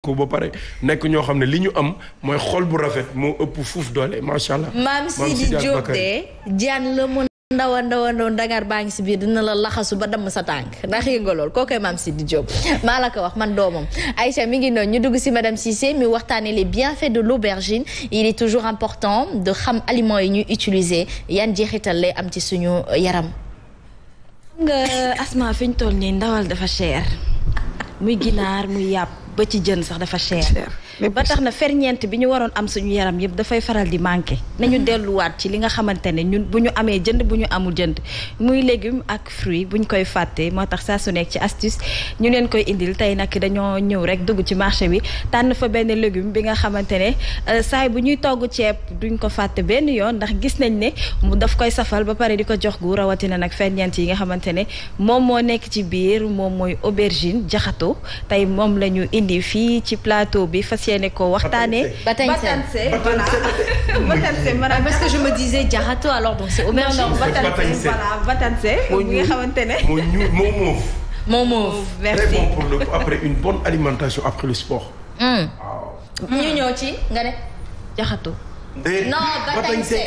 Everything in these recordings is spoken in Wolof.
ko ba pare nekk ñoo xam ne li ñu am mooy xol bu rafet moo ëpp foofu doole macha allah. maam Sidi Diop de jaan la mu ndaw a ndaw baa ngi si biir dina la laxasu ba damm sa tànk ndax yëg nga lool kookoy maam di Diop maa la ko wax man doomam Aïcha mi ngi noonu ñu dugg si madame Cissé mi waxtaanee les bienfaits de l'aubergine il est toujours important de xam aliments yi ñuy utiliser yan jeexital lay am ci suñu yaram. nga asma fiñ ñu toll nii ndawal dafa cher ba ci jën sax dafa cher. ba tax na ferñeent bi ñu waroon am suñu yaram yëpp dafay faral di manqué nañu mhm. delluwaat ci li nga xamante ne ñun bu ñu amee jënd bu ñu amul jënd muy légume ak fruit buñ koy fàtte moo tax saa su nekk ci astuce ñu leen koy indil tey nag dañoo ñëw rek dugg ci marché bi tànn fa benn légume bi nga xamante ne euh, saay bu ñuy togg ceeb duñ ko fàtte benn yoon ndax gis nañ ne mu daf koy safal ba pare di ko jox gu rawatina nag ferñeent yi nga xamante ne moom moo nekk ci biir moom mooy aubergine jaxato tey moom la indi fii ci plateau bi fas yéene koo waxtaanee. Batanse voilà Batanse parce que je me disais jaxato alors donc c'est aubergine. non non Batanse voilà Batanse. moo nga xamante ne. moo ñu moo moof. moo moof merci très bon pour le après une bonne alimentation après le sport. waaw. ñu ñëw ci nga ne jaxato. non Batanse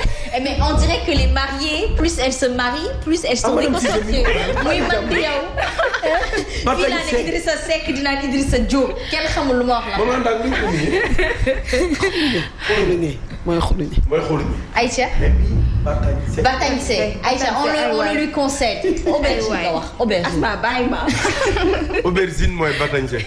mais on dirait que les mariées plus elles se marient plus elles sont déconcentrées muy man di yow. ba tey fii Idrissa Seck dinaa Idrissa Diop kenn xamul lu ma wax la. ba maanaam daal ni ñu ko mënee. xuluñu mooy xuluñu. mooy xuluñu. Aïcha. Barthélémy Seye Aïcha on le ah on le lui aubergine nga ah wax aubergine. Ah, ma. aubergine mooy Barthélémy Seye.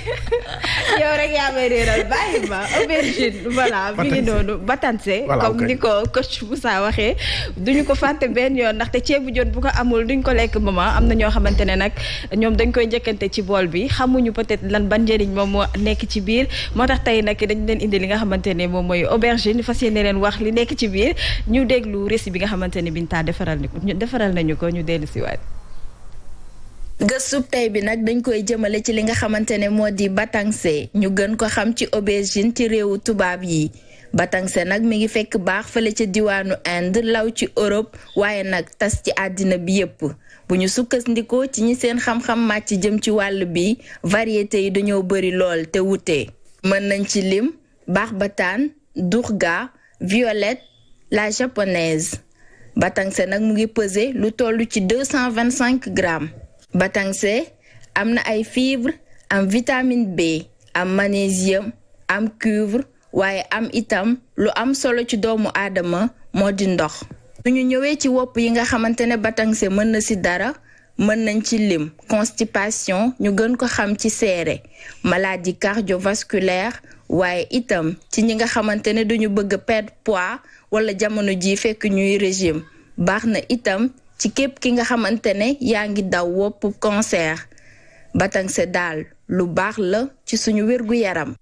yow rek yaa may réeral bàyyi ma aubergine voilà mi ngi noonu batanse comme ni ko coach Moussa waxee duñu ko fàtte benn yoon ndaxte ceebu jot bu ko amul duñ ko lekk mama am na ñoo xamante ne nag ñoom dañ koy njëkkante ci bool bi xamuñu peut-être lan ban njëriñ moom moo nekk ci biir moo tax tey nag dañ leen indi li nga xamante ne moom mooy aubergine fas yéene leen wax li nekk ci biir ñu déglu nga xamante ni Binta defaral ni ko defaral nañu ko ñu dellu siwaat gëstub tey bi nag dañ koy jëmale ci li nga xamante ne moo di batanse ñu gën ko xam ci aubergine ci réewu tubaab yi batanse nag mi ngi fekk baax fële ca diwaanu Inde law ci Europe waaye nag tas ci àddina bi yépp bu ñu sukkandikoo ci ñi seen xam-xam màcc jëm ci wàll bi variété yi dañoo bëri lool te wute mën nañ ci lim baax bataan durga violette la japonaise batangse nag mu ngi peser lu toll ci deux cent vingt cinq grammes batangse am na ay fibres am vitamine B am magnésium am cuivre waaye am itam lu am solo ci doomu aadama moo di ndox. su ñu ñëwee ci wopp yi nga xamante ne batangse mën na ci dara mën nañ ci lim constipation ñu gën ko xam ci seere maladie cardiovasculaire. waaye itam ci ñi nga xamante ne duñu bëgg a wala jamono ji fekk ñuy régime baax na itam ci képp ki nga xamante ne yaa ngi daw woppu wopp cancer se daal lu baax la ci suñu wér gu mu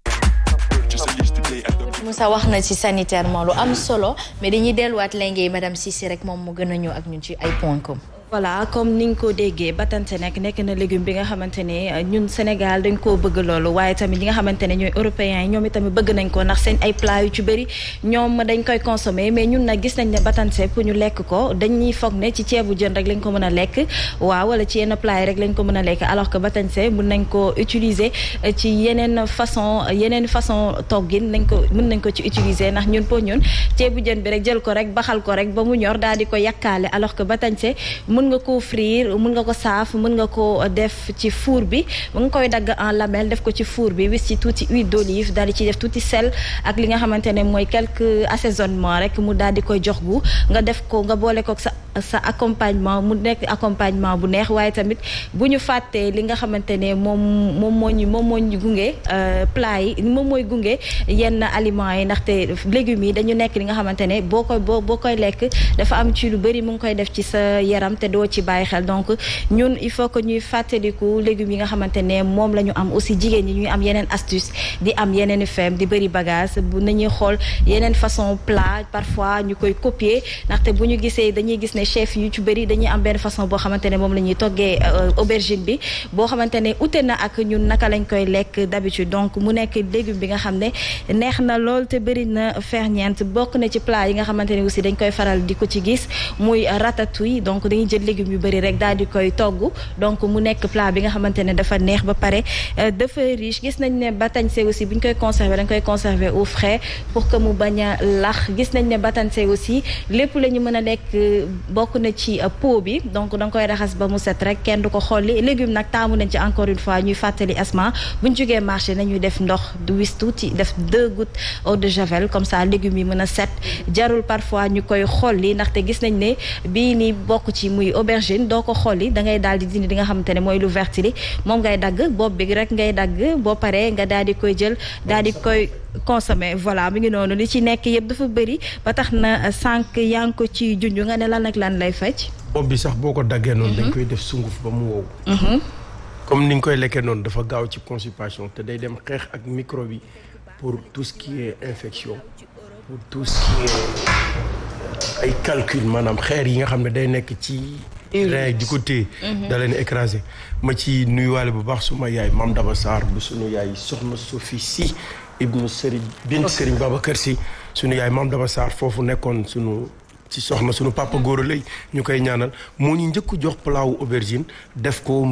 Moussa wax na ci sanitairement lu am solo mais dañuy delluwaat léegi madame Cissé rek moom mu gën a ñëw ak ñu ci ay points comme voilà comme ni nga ko déggee batante nag nekk na légume bi nga xamante ne euh, ñun Sénégal dañ koo bëgg loolu waaye tamit ñi nga xamante ne ñooy européens yi ñoom itamit bëgg nañ ko ndax seen ay plat yu ci bëri ñoom dañ koy consommer mais ñun nag gis nañ ne batante pour ñu lekk ko dañuy foog ne ci ceebu jën rek lañ ko mën a lekk waaw wala ci yenn plat yi rek lañ ko mën a lekk alors que batante mën nañ ko utiliser euh, ci yeneen façon yeneen façon toggin nañ ko mën nañ ko ci utiliser ndax ñun pour ñun ceebu jën bi rek jël ko rek baxal ko rek ba mu ñor daal di ko yàkkaale alors que batante mën nga ko frire mën nga ko saaf mën nga koo def ci four bi mu nga koy dagg en lamelle def ko ci four bi wis ci tuuti huile d'olive daal di ci def tuuti sel ak li nga xamante ne mooy quelque assaisonnement rek mu daal di koy jox gu nga def ko nga boole ko sa sa accompagnement mu nekk accompagnement bu neex waaye tamit bu ñu fàttee li nga xamante ne moom moom moo ñu moom moo ñu gunge euh, plat yi moom mooy gunge yenn aliments yi ndaxte légumes yi dañu nekk li nga xamante ne boo koy boo boo koy lekk dafa am ci lu bëri mu ngi koy def ci sa yaram te doo ci bàyyi xel donc ñun il faut que ñuy fàttaliku légumes yi nga xamante ne moom la ñu am aussi jigéen ñi ñuy am yeneen astuce di am yeneen fem di bëri bagage bu nañuy xool yeneen façon plat parfois ñu koy copier ndaxte bu ñu gisee dañuy gis ne chef yu ci bëri dañuy am benn façon boo xamante ne moom la toggee euh, aubergine bi boo xamante ne ute na ak ñun naka lañ koy lekk d'habitude donc mu nekk légume bi nga xam ne neex na lool te bëri na ferñeent bokk na ci plat yi nga xamante ne aussi dañ koy faral di ko ci gis muy ratatouille donc dañuy jël légumes yu bëri rek daal di koy togg donc mu nekk plat bi nga xamante ne dafa neex ba pare euh, dafa riche gis nañ ne batañse aussi bu koy conserver dañ koy conserver au frais pour que mu bañ a a bokk na ci euh, pot bi donc danga koy raxas ba mu set rek kenn du ko xolli légume nag taamu nañ ci encore une fois ñuy fàttali asma bu ñu jógee marché nañuy def ndox du wis tuuti def deux gouttes eau de javel comme ça légumes yi mën a set jarul parfois ñu koy xolli ndaxte gis nañ ne bii ni bokk ci muy aubergine doo ko xolli da ngay daal di dindi di nga xamante ne mooy lu vert li moom ngay dagg bopp bi rek ngay dagg boo paree nga daal di koy jël daal di koy consommé voilà mi ngi noonu li ci nekk yëpp dafa bëri ba tax na euh, sànq yaa ko ci junj nga ne lan ak lan lay faj. bopp bi sax boo ko daggee noonu. dañ mhm. koy def sunguf ba mu wow. Mhm. comme ni nga koy lekkee noonu dafa gaaw ci constipation te day dem xeex ak microbe yi pour tout ce qui est infection pour tout ay calcul maanaam xeer yi nga xam ne day nekk ci. rein di ko téye mhm. da leen écrasé ma ci nuyuwaale bu baax suma yaay maam Daba Sarr bu sunu yaay soxna Sophie si ibnu Serigne bint Serigne Babacar Sy suñu yaay maam Daba Sarr foofu nekkoon suñu ci soxna sunu papa góor lay ñu koy ñaanal moo ñu njëkk jox palaawu aubergine def ko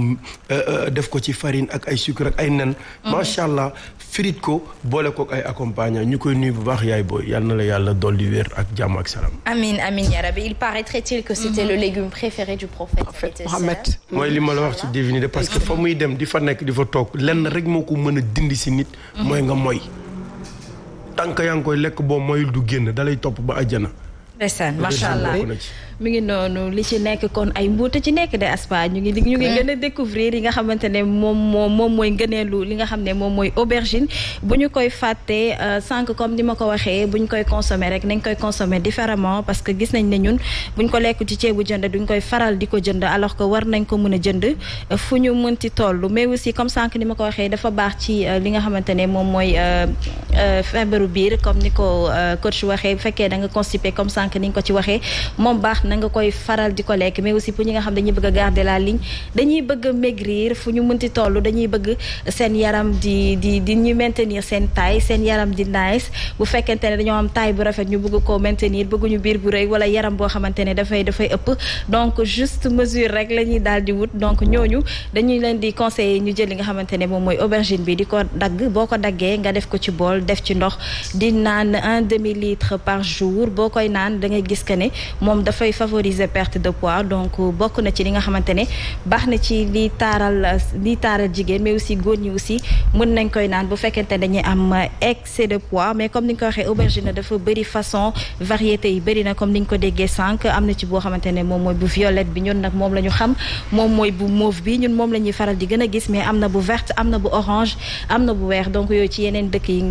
euh, euh, def ko ci farine ak ay sucre ak ay nen. Mhm. macha allah firit ko boole ko ay accompagnant ñu koy nuyu bu baax yaay booy yal na la yàlla dolli wér ak jàmm ak salaam. amiin amiin yaa rabbi il paraîtrait-il que c'était mhm. le légume préféré du prophète. Mohamed mooy li ma la wax ci divinité parce que fa muy dem di fa nekk di fa toog lenn rek moo ko mën a dindi si nit. Mhm. mooy nga mooy. tànk yaa ngi koy lekk boo moyul du génn dalay topp ba àjjana. ndeysaan macha allah mi ngi noonu li ci nekk kon ay mbuute ci nekk de aspa ñu ngi ñu ngi gën a découvrir yi nga xamante ne moom moo moom mooy ngëneelu li nga xam ne moom mooy aubergine bu ñu koy fàttee euh, sànq comme ni ma ko waxee bu koy consommer rek nañ koy consommer différemment parce que gis nañ ne ñun bu ko lekk ci ceebu jënd duñ koy faral di alors que war nañ ko mën a jënd euh, fu ñu mënti toll mais aussi comme sànq ni ma ko waxee dafa baax ci euh, li nga xamante ne moom mooy feebaru biir comme ni ko coach waxee bu fekkee da nga constipé comme sànq ni nga ko ci waxee moom baax tax na nga koy faral di ko lekk mais aussi pour ñi nga xam dañuy bëgg a garder la ligne dañuy bëgg a maigrir fu ñu mënti toll dañuy bëgg seen yaram di di di ñu maintenir seen taille seen yaram di nice bu fekkente ne dañoo am taille bu rafet ñu bëgg koo maintenir bëgguñu biir bu rëy wala yaram boo xamante ne dafay dafay ëpp donc juste mesure rek la ñuy daal di wut donc ñooñu dañuy leen di conseiller ñu jël li nga xamante ne moom mooy aubergine bi di ko dagg boo ko daggee nga def ko ci bool def ci ndox di naan un demi litre par jour boo koy naan da gis que ne dafay favoriser perte de poids donc euh, bokk na ci li nga xamante baax na ci li taaral li taaral jigéen mais aussi góor ñi aussi mën nañ koy naan bu fekkente dañuy am excès de poids ni nga yi na comme ni nga ko déggee sànq am na ci boo xamante ne moom mooy bu violette bi la ñu xam moom di gën a am na bu verte am na bu orange am na bu weex donc yooyu ci yeneen dëkk yi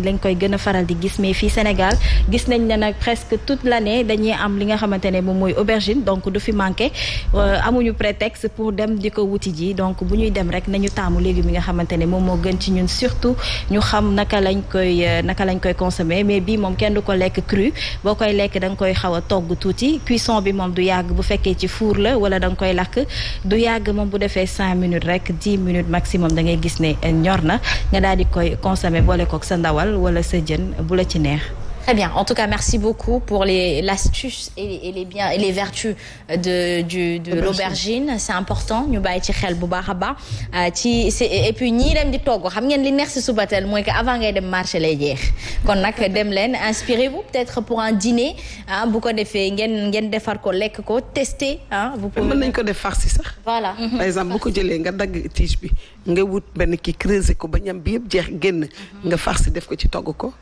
a li nga xamante moom mooy aubergine donc du fi manqué euh, amuñu prétexte pour dem di ko wuti ji donc bu ñuy dem rek nañu taamu légumes yi nga xamante ne moom moo gën ci ñun surtout ñu xam naka lañ koy euh, naka lañ koy consommer mais bii moom kenn du ko lekk cru boo koy lekk danga koy xaw a togg tuuti cuisson bi moom du yàgg bu fekkee ci fuur la wala da nga koy lakk du yàgg moom bu defee cinq minutes rek dix minutes maximum da ngay gis ne ñor na nga daal di koy consommer boole kook sa ndawal wala sa jën bu la ci neex Très bien. En tout cas, merci beaucoup pour les l'astuce et, et les biens et les vertus de du de l'aubergine. C'est important ñu bàyyi ci xel bu baax a baax euh, ci et puis ñii dem di togg xam ngeen li neex si subatel mooy que avant ngay dem marché lay jeex kon nag dem leen inspirez-vous peut-être pour un dîner ah bu ko defee ngeen ngeen defar ko lekk ko tester ah. vous pouvez mën nañ ko def farci sax. voilà exemple bu ko jëlee nga dagg tige bi nga wut benn kii creuser ko ba ñam bi yëpp jeex génn nga farci def ko ci togg ko.